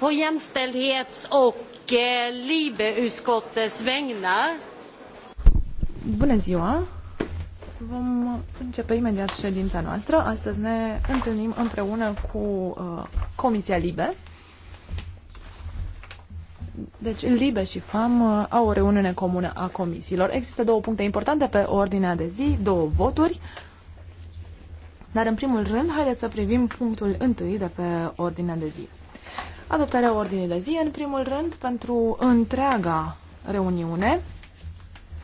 på jämställdhets och eh, LIBE-utskottets vägnar. Bună ziua! Vom începe imediat ședința noastră. Astăzi ne întâlnim împreună cu uh, Comisia LIBE. Deci LIBE și FAM uh, au o reuniune comună a comisiilor. Există două puncte importante pe ordinea de zi, două voturi. Dar în primul rând, haideți să privim punctul întâi de pe ordinea de zi adoptarea ordinii de zi, în primul rând, pentru întreaga reuniune.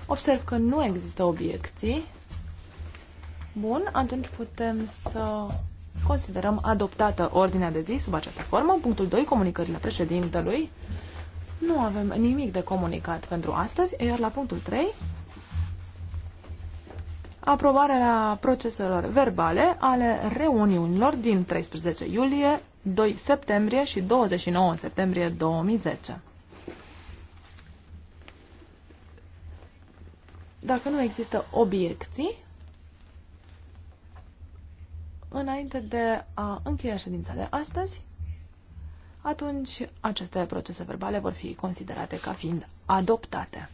Observ că nu există obiecții. Bun, atunci putem să considerăm adoptată ordinea de zi sub această formă. Punctul 2, comunicările președintelui. Nu avem nimic de comunicat pentru astăzi, iar la punctul 3, aprobarea proceselor verbale ale reuniunilor din 13 iulie, 2 septembrie și 29 septembrie 2010. Dacă nu există obiecții, înainte de a încheia ședința de astăzi, atunci aceste procese verbale vor fi considerate ca fiind adoptate.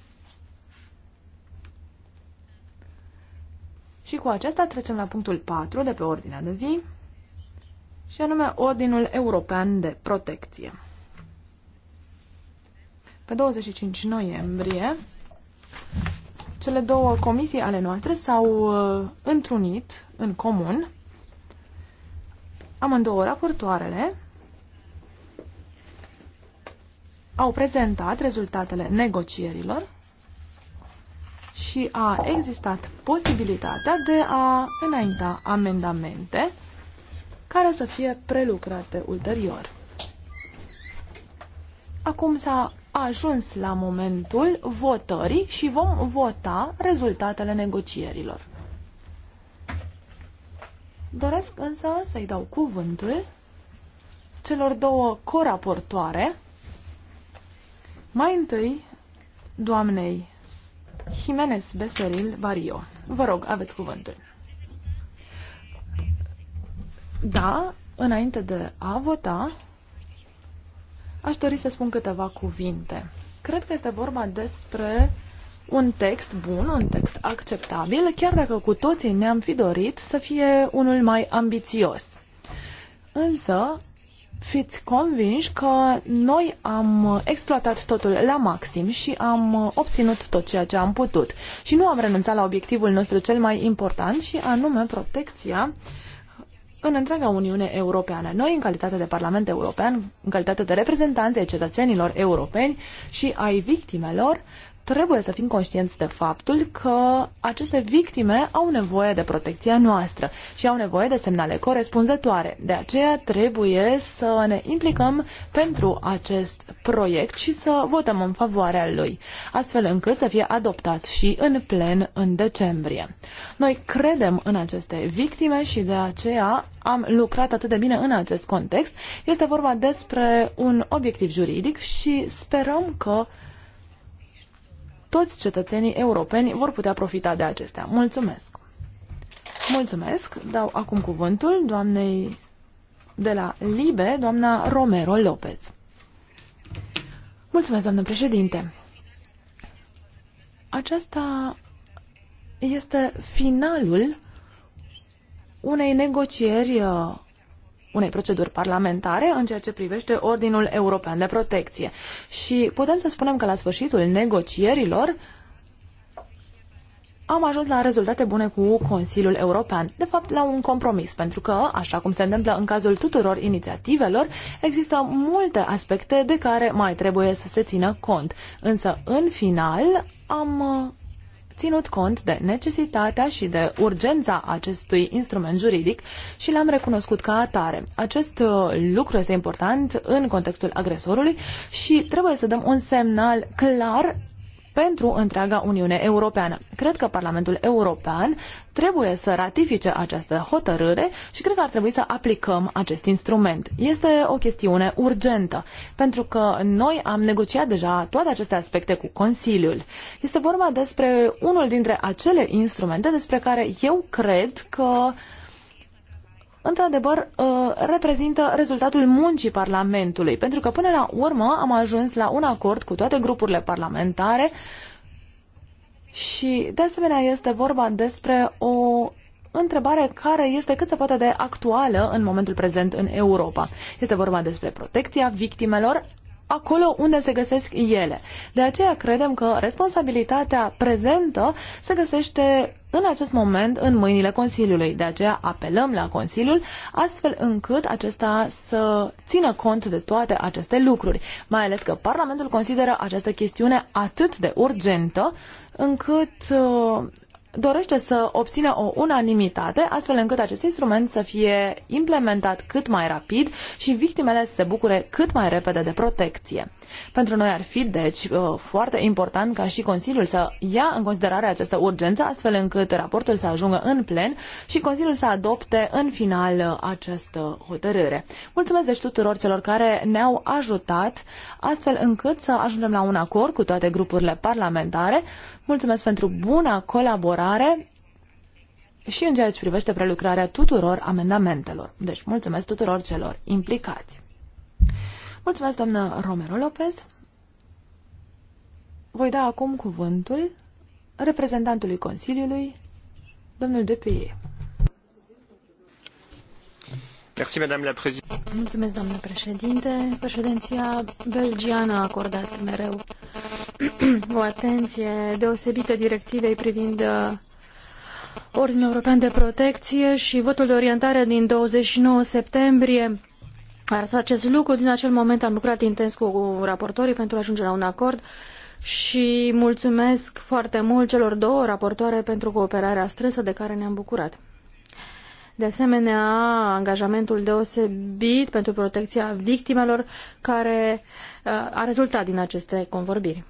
Și cu acesta trecem la punctul 4 de pe ordinea de zi, și anume Ordinul European de Protecție. Pe 25 noiembrie, cele două comisii ale noastre s-au uh, întrunit în comun, amândouă raportoarele, au prezentat rezultatele negocierilor și a existat posibilitatea de a înainta amendamente care să fie prelucrate ulterior. Acum s-a ajuns la momentul votării și vom vota rezultatele negocierilor. Doresc însă să-i dau cuvântul celor două coraportoare. Mai întâi, doamnei Jimenez Beseril Vario. Vă rog, aveți cuvântul. Da, înainte de a vota, aș dori să spun câteva cuvinte. Cred că este vorba despre un text bun, un text acceptabil, chiar dacă cu toții ne-am fi dorit să fie unul mai ambițios. Însă, fiți convinși că noi am exploatat totul la maxim și am obținut tot ceea ce am putut. Și nu am renunțat la obiectivul nostru cel mai important și anume protecția uh, în întreaga Uniune Europeană. Noi, în calitate de Parlament European, în calitate de reprezentanți ai cetățenilor europeni și ai victimelor, trebuie să fim conștienți de faptul că aceste victime au nevoie de protecția noastră și au nevoie de semnale corespunzătoare. De aceea trebuie să ne implicăm pentru acest proiect și să votăm în favoarea lui, astfel încât să fie adoptat și în plen în decembrie. Noi credem în aceste victime și de aceea am lucrat atât de bine în acest context. Este vorba despre un obiectiv juridic și sperăm că toți cetățenii europeni vor putea profita de acestea. Mulțumesc! Mulțumesc! Dau acum cuvântul doamnei de la LIBE, doamna Romero Lopez. Mulțumesc, doamnă președinte! Aceasta este finalul unei negocieri uh, unei proceduri parlamentare în ceea ce privește Ordinul European de Protecție. Și putem să spunem că la sfârșitul negocierilor am ajuns la rezultate bune cu Consiliul European, de fapt la un compromis, pentru că, așa cum se întâmplă în cazul tuturor inițiativelor, există multe aspecte de care mai trebuie să se țină cont. Însă, în final, am ținut cont de necesitatea și de urgența acestui instrument juridic și l-am recunoscut ca atare. Acest uh, lucru este important în contextul agresorului și trebuie să dăm un semnal clar pentru întreaga Uniune Europeană. Cred că Parlamentul European trebuie să ratifice această hotărâre și cred că ar trebui să aplicăm acest instrument. Este o chestiune urgentă, pentru că noi am negociat deja toate aceste aspecte cu Consiliul. Este vorba despre unul dintre acele instrumente despre care eu cred că uh, într-adevăr, uh, reprezintă rezultatul muncii Parlamentului, pentru că până la urmă am ajuns la un acord cu toate grupurile parlamentare și, de asemenea, este vorba despre o întrebare care este cât se poate de actuală în momentul prezent în Europa. Este vorba despre protecția victimelor, acolo unde se găsesc ele. De aceea credem că responsabilitatea prezentă se găsește în acest moment în mâinile Consiliului. De aceea apelăm la Consiliul astfel încât acesta să țină cont de toate aceste lucruri, mai ales că Parlamentul consideră această chestiune atât de urgentă încât uh, dorește să obțină o unanimitate, astfel încât acest instrument să fie implementat cât mai rapid și victimele să se bucure cât mai repede de protecție. Pentru noi ar fi, deci, uh, foarte important ca și Consiliul să ia în considerare această urgență, astfel încât raportul să ajungă în plen și Consiliul să adopte în final uh, această hotărâre. Mulțumesc deci tuturor celor care ne-au ajutat, astfel încât să ajungem la un acord cu toate grupurile parlamentare. Mulțumesc pentru buna colaborare colaborare și în ceea ce privește prelucrarea tuturor amendamentelor. Deci mulțumesc tuturor celor implicați. Mulțumesc, doamnă Romero Lopez. Voi da acum cuvântul reprezentantului Consiliului, domnul Depie. Mulțumesc, doamnă președinte. Președinția belgiană a acordat mereu o atenție deosebită directivei privind uh, Ordinul European de Protecție și votul de orientare din 29 septembrie arată acest lucru. Din acel moment am lucrat intens cu raportorii pentru a ajunge la un acord și mulțumesc foarte mult celor două raportoare pentru cooperarea strânsă de care ne-am bucurat. De asemenea, angajamentul deosebit pentru protecția victimelor care uh, a rezultat din aceste convorbiri.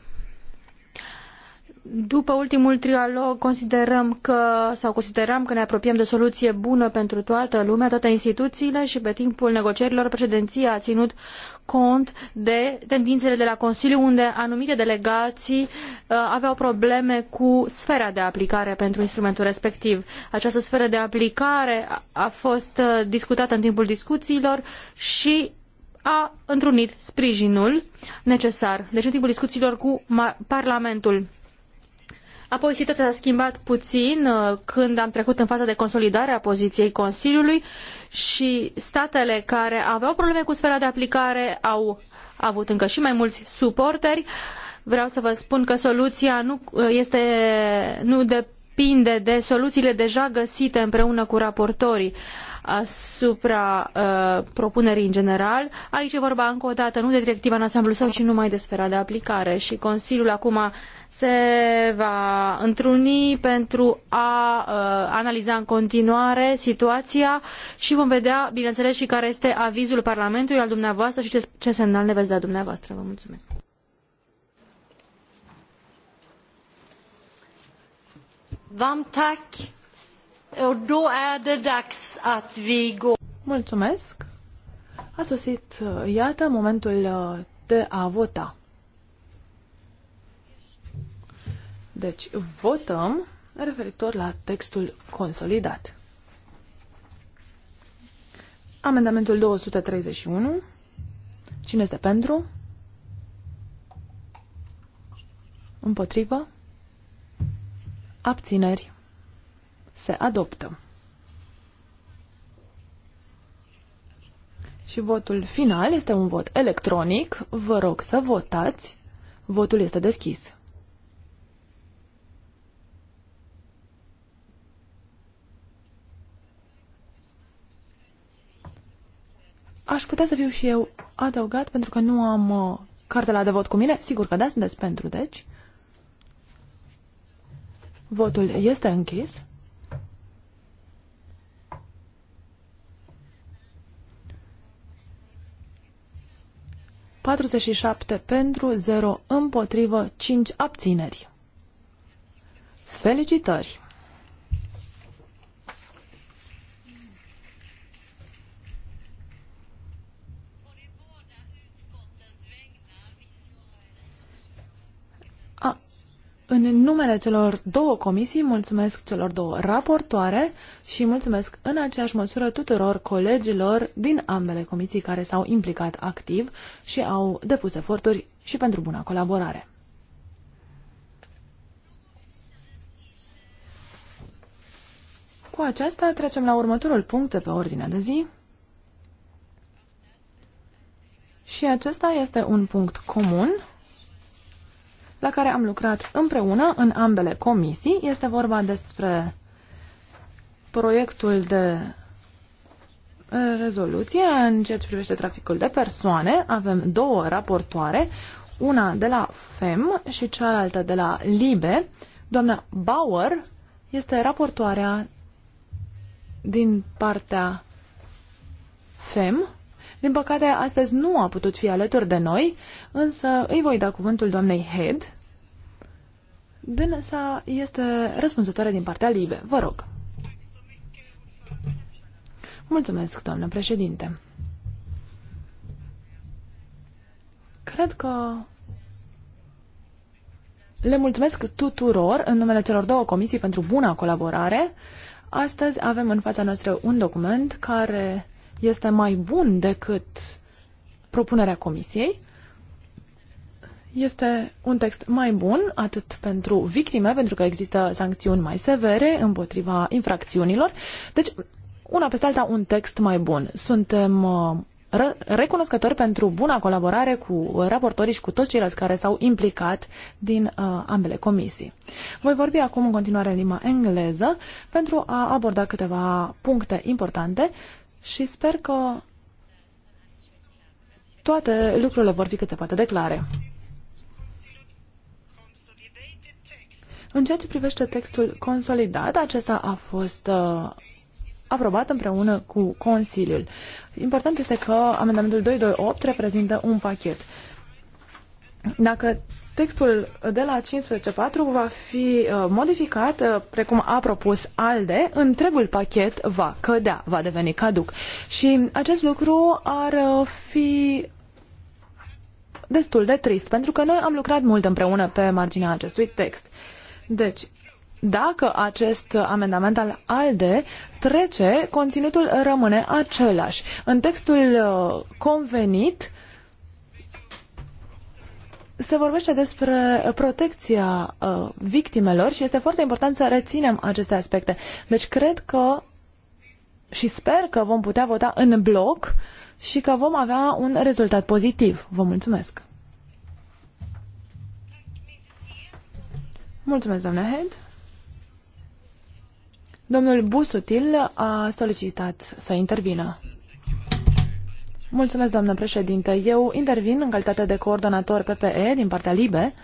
După ultimul trialog considerăm că, sau considerăm că ne apropiem de o soluție bună pentru toată lumea, toate instituțiile și pe timpul negocierilor președinția a ținut cont de tendințele de la Consiliu unde anumite delegații uh, aveau probleme cu sfera de aplicare pentru instrumentul respectiv. Această sferă de aplicare a fost uh, discutată în timpul discuțiilor și a întrunit sprijinul necesar. Deci în timpul discuțiilor cu Parlamentul Apoi situația s-a schimbat puțin uh, când am trecut în faza de consolidare a poziției Consiliului și statele care aveau probleme cu sfera de aplicare au avut încă și mai mulți suporteri. Vreau să vă spun că soluția nu, uh, este, nu depinde de soluțiile deja găsite împreună cu raportorii asupra uh, propunerii în general. Aici e vorba încă o dată nu de directiva în ansamblu său, ci numai de sfera de aplicare și Consiliul acum se va întruni pentru a uh, analiza în continuare situația și vom vedea, bineînțeles, și care este avizul Parlamentului al dumneavoastră și ce, ce semnal ne veți da dumneavoastră. Vă mulțumesc. Vam tack. Och då är Mulțumesc! A sosit, uh, iată, momentul uh, de a vota. Deci, votăm referitor la textul consolidat. Amendamentul 231. Cine este pentru? Împotrivă? Abțineri? se adoptă. Și votul final este un vot electronic. Vă rog să votați. Votul este deschis. Aș putea să fiu și eu adăugat pentru că nu am uh, cartela de vot cu mine. Sigur că da, sunteți pentru, deci. Votul este închis. 47 pentru, 0 împotrivă, 5 abțineri. Felicitări! În numele celor două comisii, mulțumesc celor două raportoare și mulțumesc în aceeași măsură tuturor colegilor din ambele comisii care s-au implicat activ și au depus eforturi și pentru buna colaborare. Cu aceasta trecem la următorul punct de pe ordinea de zi. Și acesta este un punct comun la care am lucrat împreună în ambele comisii. Este vorba despre proiectul de rezoluție în ceea ce privește traficul de persoane. Avem două raportoare, una de la FEM și cealaltă de la LIBE. Doamna Bauer este raportoarea din partea FEM din păcate, astăzi nu a putut fi alături de noi, însă îi voi da cuvântul doamnei Head. Dânsa este răspunzătoare din partea LIBE. Vă rog. Mulțumesc, doamnă președinte. Cred că le mulțumesc tuturor în numele celor două comisii pentru buna colaborare. Astăzi avem în fața noastră un document care este mai bun decât propunerea comisiei. Este un text mai bun atât pentru victime, pentru că există sancțiuni mai severe împotriva infracțiunilor. Deci, una peste alta, un text mai bun. Suntem uh, recunoscători pentru buna colaborare cu raportorii și cu toți ceilalți care s-au implicat din uh, ambele comisii. Voi vorbi acum în continuare în limba engleză pentru a aborda câteva puncte importante și sper că toate lucrurile vor fi cât se poate de clare. În ceea ce privește textul consolidat, acesta a fost uh, aprobat împreună cu Consiliul. Important este că amendamentul 228 reprezintă un pachet. Dacă Textul de la 15.4 va fi uh, modificat, uh, precum a propus ALDE, întregul pachet va cădea, va deveni caduc. Și acest lucru ar uh, fi destul de trist, pentru că noi am lucrat mult împreună pe marginea acestui text. Deci, dacă acest amendament al ALDE trece, conținutul rămâne același. În textul convenit, uh, se vorbește despre protecția uh, victimelor și este foarte important să reținem aceste aspecte. Deci cred că și sper că vom putea vota în bloc și că vom avea un rezultat pozitiv. Vă mulțumesc! Mulțumesc, doamna Head. Domnul Busutil a solicitat să intervină. Mulțumesc, președinte. Eu intervin în calitate de coordonator PPE din partea LIBE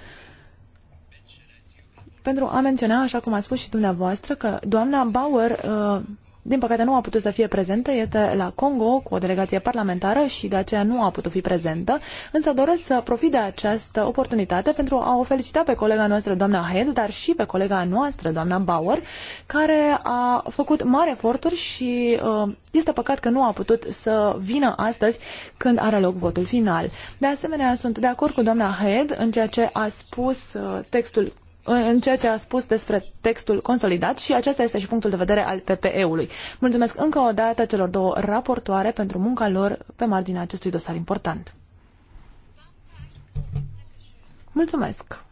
pentru a menționa, așa cum ați spus și dumneavoastră, că doamna Bauer uh, din păcate nu a putut să fie prezentă, este la Congo cu o delegație parlamentară și de aceea nu a putut fi prezentă, însă doresc să profit de această oportunitate pentru a o felicita pe colega noastră, doamna Head, dar și pe colega noastră, doamna Bauer, care a făcut mari eforturi și uh, este păcat că nu a putut să vină astăzi când are loc votul final. De asemenea, sunt de acord cu doamna Head în ceea ce a spus uh, textul în ceea ce a spus despre textul consolidat și acesta este și punctul de vedere al PPE-ului. Mulțumesc încă o dată celor două raportoare pentru munca lor pe marginea acestui dosar important. Mulțumesc!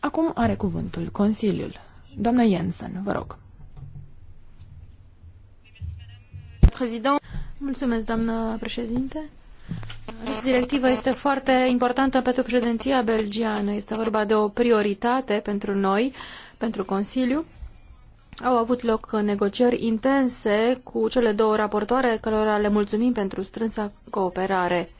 Acum are cuvântul Consiliul. Doamna Jensen, vă rog. Mulțumesc, doamnă președinte. Această directivă este foarte importantă pentru președinția belgiană. Este vorba de o prioritate pentru noi, pentru Consiliu. Au avut loc negocieri intense cu cele două raportoare, cărora le mulțumim pentru strânsa cooperare.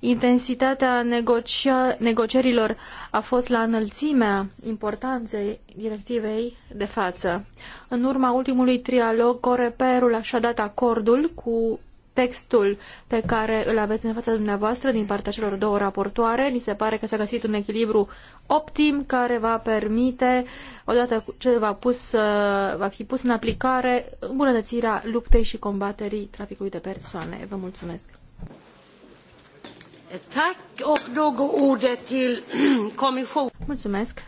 Intensitatea negocia- negocierilor a fost la înălțimea importanței directivei de față. În urma ultimului trialog, Coreperul și-a dat acordul cu textul pe care îl aveți în fața dumneavoastră din partea celor două raportoare. Mi se pare că s-a găsit un echilibru optim care va permite, odată ce va, pus, uh, va fi pus în aplicare, îmbunătățirea luptei și combaterii traficului de persoane. Vă mulțumesc! Mulțumesc!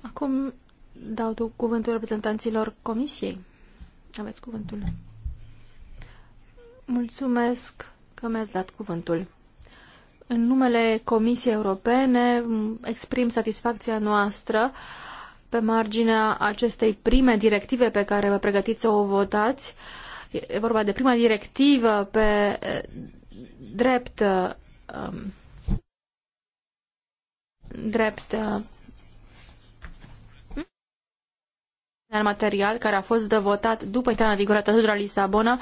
Acum dau cuvântul reprezentanților Comisiei. Aveți cuvântul. Mulțumesc că mi-ați dat cuvântul. În numele Comisiei Europene exprim satisfacția noastră pe marginea acestei prime directive pe care vă pregătiți să o votați. E vorba de prima directivă pe drept um, drept material care a fost votat după intrarea în vigoare a Tratatului de la Lisabona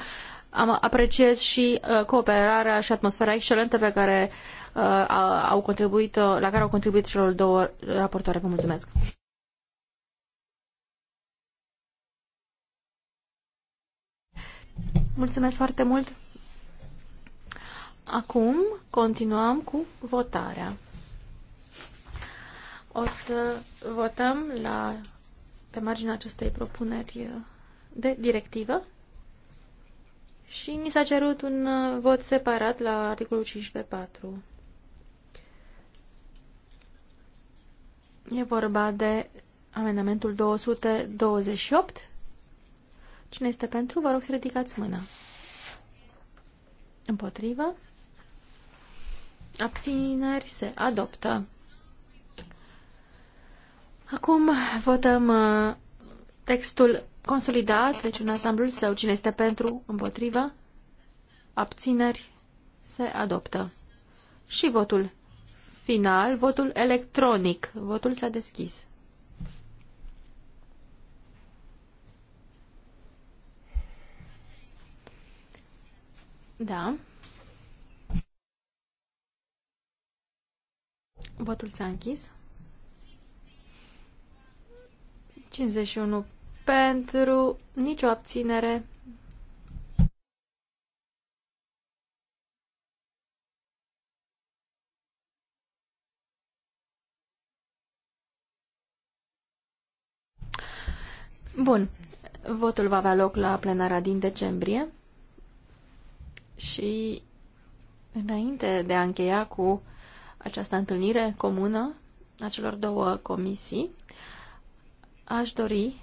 am apreciez și uh, cooperarea și atmosfera excelentă pe care uh, au contribuit, uh, la care au contribuit celor două raportoare. Vă mulțumesc! Mulțumesc foarte mult! Acum continuăm cu votarea. O să votăm la, pe marginea acestei propuneri de directivă și mi s-a cerut un uh, vot separat la articolul 15.4. E vorba de amendamentul 228. Cine este pentru? Vă rog să ridicați mâna. Împotrivă. Abțineri se adoptă. Acum votăm uh, textul consolidat, deci în ansamblul său, cine este pentru, împotrivă, abțineri, se adoptă. Și votul final, votul electronic. Votul s-a deschis. Da. Votul s-a închis. 51 pentru, nicio abținere. Bun. Votul va avea loc la plenara din decembrie și înainte de a încheia cu această întâlnire comună a celor două comisii, Aș dori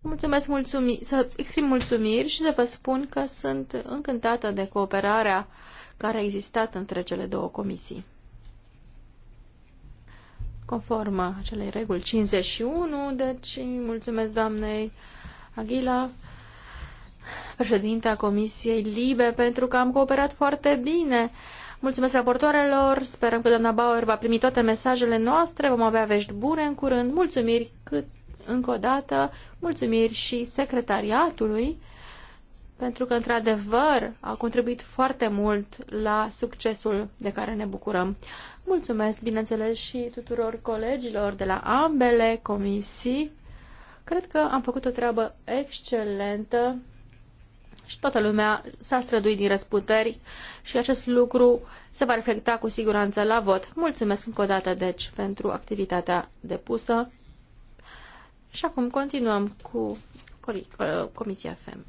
Mulțumesc mulțumi, să exprim mulțumiri și să vă spun că sunt încântată de cooperarea care a existat între cele două comisii. Conform acelei reguli 51, deci mulțumesc doamnei Aghila, președinta Comisiei Libe, pentru că am cooperat foarte bine. Mulțumesc raportoarelor, sperăm că doamna Bauer va primi toate mesajele noastre, vom avea vești bune în curând, mulțumiri cât încă o dată, mulțumiri și secretariatului, pentru că, într-adevăr, a contribuit foarte mult la succesul de care ne bucurăm. Mulțumesc, bineînțeles, și tuturor colegilor de la ambele comisii. Cred că am făcut o treabă excelentă și toată lumea s-a străduit din răsputeri și acest lucru se va reflecta cu siguranță la vot. Mulțumesc încă o dată, deci, pentru activitatea depusă. Și acum continuăm cu uh, Comisia FEM.